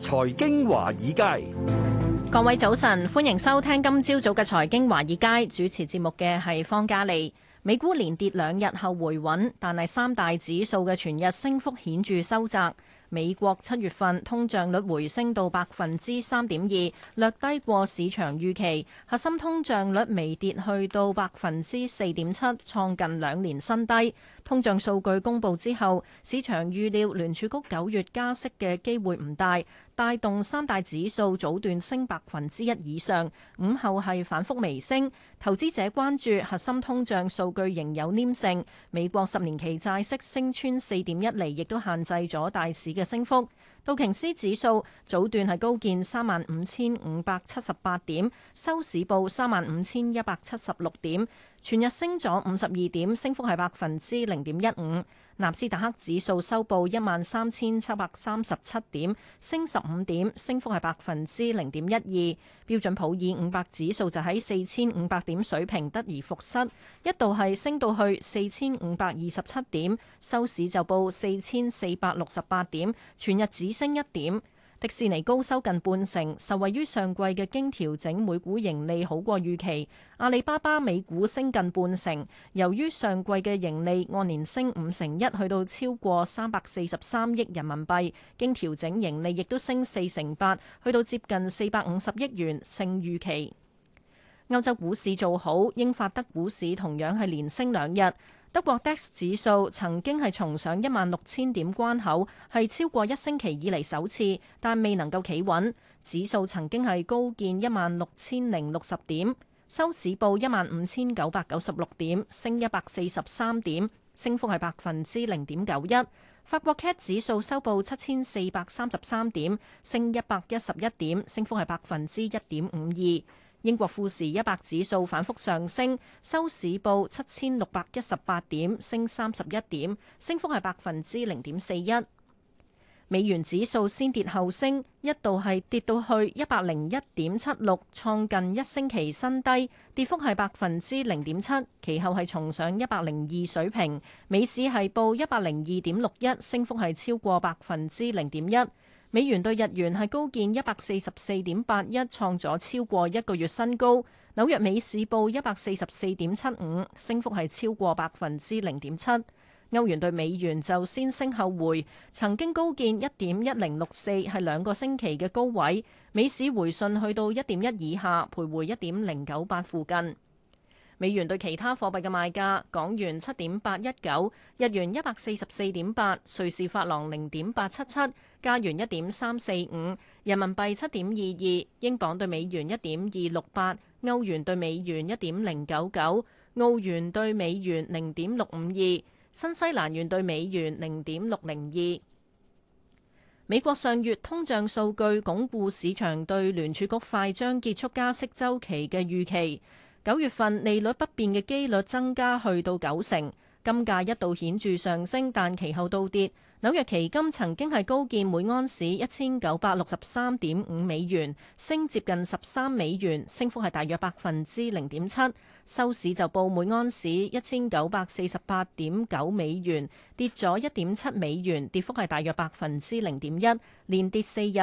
財經華爾街，各位早晨，歡迎收聽今朝早嘅財經華爾街，主持節目嘅係方嘉莉。美股連跌兩日後回穩，但係三大指數嘅全日升幅顯著收窄。美國七月份通脹率回升到百分之三點二，略低過市場預期。核心通脹率微跌去到百分之四點七，創近兩年新低。通脹數據公佈之後，市場預料聯儲局九月加息嘅機會唔大。帶動三大指數早段升百分之一以上，午後係反覆微升。投資者關注核心通脹數據仍有黏性，美國十年期債息升穿四點一厘，亦都限制咗大市嘅升幅。道瓊斯指數早段係高見三萬五千五百七十八點，收市報三萬五千一百七十六點，全日升咗五十二點，升幅係百分之零點一五。納斯達克指數收報一萬三千七百三十七點，升十五點，升幅係百分之零點一二。標準普爾五百指數就喺四千五百點水平得而復失，一度係升到去四千五百二十七點，收市就報四千四百六十八點，全日指。升一點，迪士尼高收近半成，受惠於上季嘅經調整每股盈利好過預期。阿里巴巴美股升近半成，由於上季嘅盈利按年升五成一，去到超過三百四十三億人民幣，經調整盈利亦都升四成八，去到接近四百五十億元，勝預期。歐洲股市做好，英法德股市同樣係連升兩日。德國 DAX 指數曾經係重上一萬六千點關口，係超過一星期以嚟首次，但未能夠企穩。指數曾經係高見一萬六千零六十點，收市報一萬五千九百九十六點，升一百四十三點，升幅係百分之零點九一。法國 CAC 指數收報七千四百三十三點，升一百一十一點，升幅係百分之一點五二。英國富時一百指數反復上升，收市報七千六百一十八點，升三十一點，升幅係百分之零點四一。美元指數先跌後升，一度係跌到去一百零一點七六，創近一星期新低，跌幅係百分之零點七，其後係重上一百零二水平，美市係報一百零二點六一，升幅係超過百分之零點一。美元兌日元係高見一百四十四點八一，創咗超過一個月新高。紐約美市報一百四十四點七五，升幅係超過百分之零點七。歐元對美元就先升後回，曾經高見一點一零六四，係兩個星期嘅高位，美市回信去到一點一以下，徘徊一點零九八附近。美元對其他貨幣嘅賣價：港元七點八一九，日元一百四十四點八，瑞士法郎零點八七七，加元一點三四五，人民幣七點二二，英鎊對美元一點二六八，歐元對美元一點零九九，澳元對美元零點六五二，新西蘭元對美元零點六零二。美國上月通脹數據鞏固市場對聯儲局快將結束加息週期嘅預期。九月份利率不變嘅機率增加去到九成，金價一度顯著上升，但其後倒跌。紐約期金曾經係高見每安士一千九百六十三點五美元，升接近十三美元，升幅係大約百分之零點七。收市就報每安士一千九百四十八點九美元，跌咗一點七美元，跌幅係大約百分之零點一，連跌四日。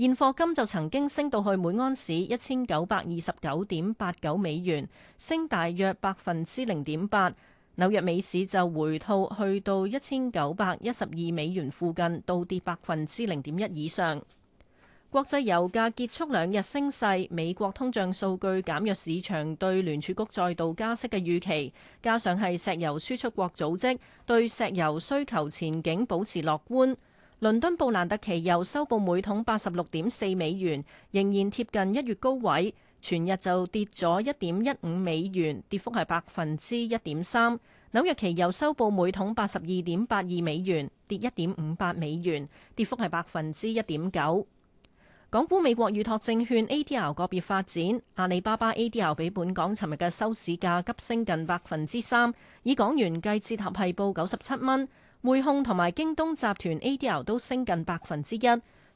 現貨金就曾經升到去每安士一千九百二十九點八九美元，升大約百分之零點八。紐約美市就回吐去到一千九百一十二美元附近，倒跌百分之零點一以上。國際油價結束兩日升勢，美國通脹數據減弱市場對聯儲局再度加息嘅預期，加上係石油輸出國組織對石油需求前景保持樂觀。倫敦布蘭特期油收報每桶八十六點四美元，仍然貼近一月高位，全日就跌咗一點一五美元，跌幅係百分之一點三。紐約期油收報每桶八十二點八二美元，跌一點五八美元，跌幅係百分之一點九。港股美國預託證券 ADR 個別發展，阿里巴巴 ADR 比本港尋日嘅收市價急升近百分之三，以港元計，折合係報九十七蚊。匯控同埋京東集團 A.D.R 都升近百分之一，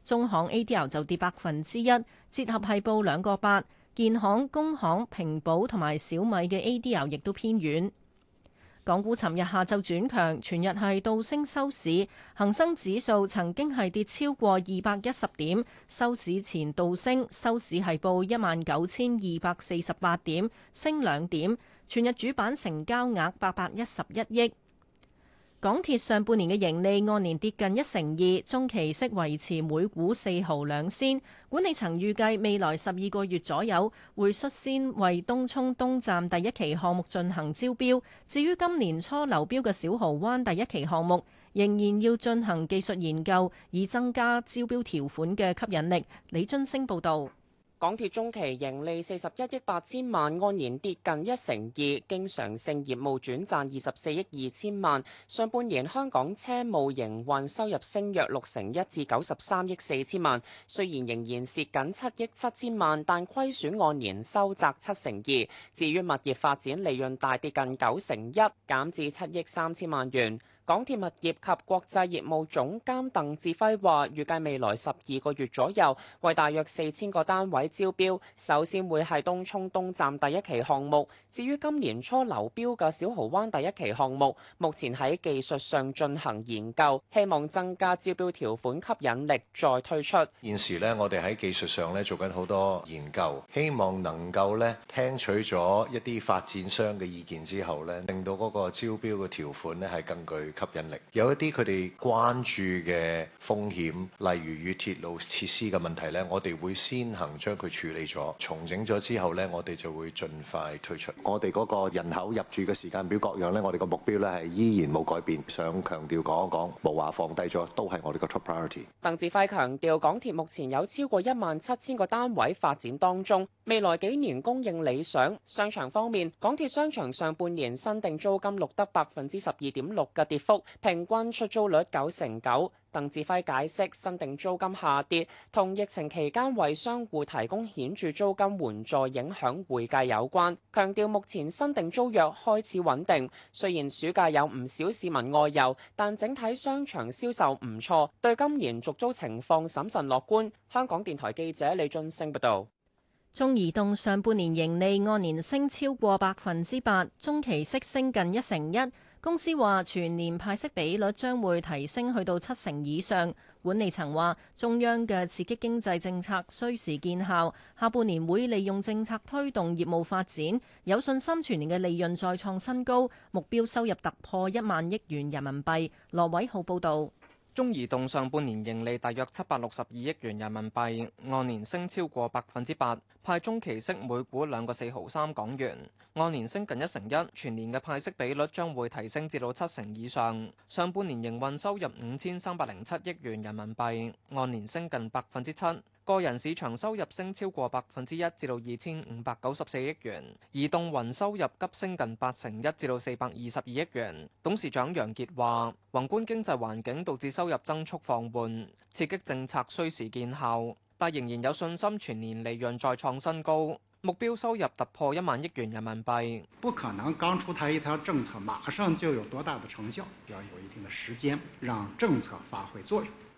中行 A.D.R 就跌百分之一，折合係報兩個八。建行、工行、平保同埋小米嘅 A.D.R 亦都偏軟。港股尋日下晝轉強，全日係倒升收市，恒生指數曾經係跌超過二百一十點，收市前倒升，收市係報一萬九千二百四十八點，升兩點。全日主板成交額八百一十一億。港鐵上半年嘅盈利按年跌近一成二，中期息維持每股四毫兩仙。管理層預計未來十二個月左右會率先為東涌東站第一期項目進行招標。至於今年初流標嘅小蠔灣第一期項目，仍然要進行技術研究，以增加招標條款嘅吸引力。李津升報導。港鐵中期盈利四十一億八千萬，按年跌近一成二，經常性業務轉賺二十四億二千萬。上半年香港車務營運收入升約六成一，至九十三億四千萬。雖然仍然蝕緊七億七千萬，但虧損按年收窄七成二。至於物業發展，利潤大跌近九成一，減至七億三千萬元。港鐵物業及國際業務總監鄧志輝話：預計未來十二個月左右，為大約四千個單位招標，首先會係東涌東站第一期項目。至於今年初流標嘅小蠔灣第一期項目，目前喺技術上進行研究，希望增加招標條款吸引力，再推出。現時呢，我哋喺技術上咧做緊好多研究，希望能夠咧聽取咗一啲發展商嘅意見之後咧，令到嗰個招標嘅條款咧係更具吸引力。有一啲佢哋關注嘅風險，例如與鐵路設施嘅問題咧，我哋會先行將佢處理咗，重整咗之後咧，我哋就會盡快推出。我哋嗰個人口入住嘅時間表各樣咧，我哋個目標咧係依然冇改變，想強調講一講，無話放低咗，都係我哋個 top priority。鄧志輝強調港鐵目前有超過一萬七千個單位發展當中，未來幾年供應理想。商場方面，港鐵商場上半年新定租金錄得百分之十二點六嘅跌幅。幅平均出租率九成九。鄧志輝解釋，新定租金下跌同疫情期間為商戶提供顯著租金援助影響會計有關，強調目前新定租約開始穩定。雖然暑假有唔少市民外遊，但整體商場銷售唔錯，對今年續租情況審慎樂觀。香港電台記者李俊升報道。中移動上半年盈利按年升超過百分之八，中期息升近一成一。公司話全年派息比率將會提升去到七成以上。管理層話，中央嘅刺激經濟政策需時見效，下半年會利用政策推動業務發展，有信心全年嘅利潤再創新高，目標收入突破一萬億元人民幣。羅偉浩報導。中移動上半年盈利大約七百六十二億元人民幣，按年升超過百分之八，派中期息每股兩個四毫三港元，按年升近一成一，全年嘅派息比率將會提升至到七成以上。上半年營運收入五千三百零七億元人民幣，按年升近百分之七。個人市場收入升超過百分之一，至到二千五百九十四億元；移動雲收入急升近八成一，至到四百二十二億元。董事長楊杰話：宏觀經濟環境導致收入增速放緩，刺激政策需時見效，但仍然有信心全年利潤再創新高，目標收入突破一萬億元人民幣。不可能剛出台一條政策馬上就有多大的成效，要有一定嘅時間讓政策發揮作用。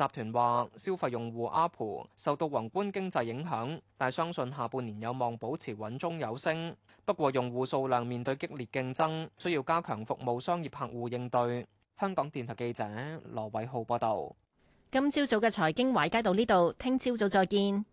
集團話，消費用戶阿婆受到宏觀經濟影響，但相信下半年有望保持穩中有升。不過用戶數量面對激烈競爭，需要加強服務商業客戶應對。香港電台記者羅偉浩報道。今朝早嘅財經華爾街到呢度，聽朝早，早再見。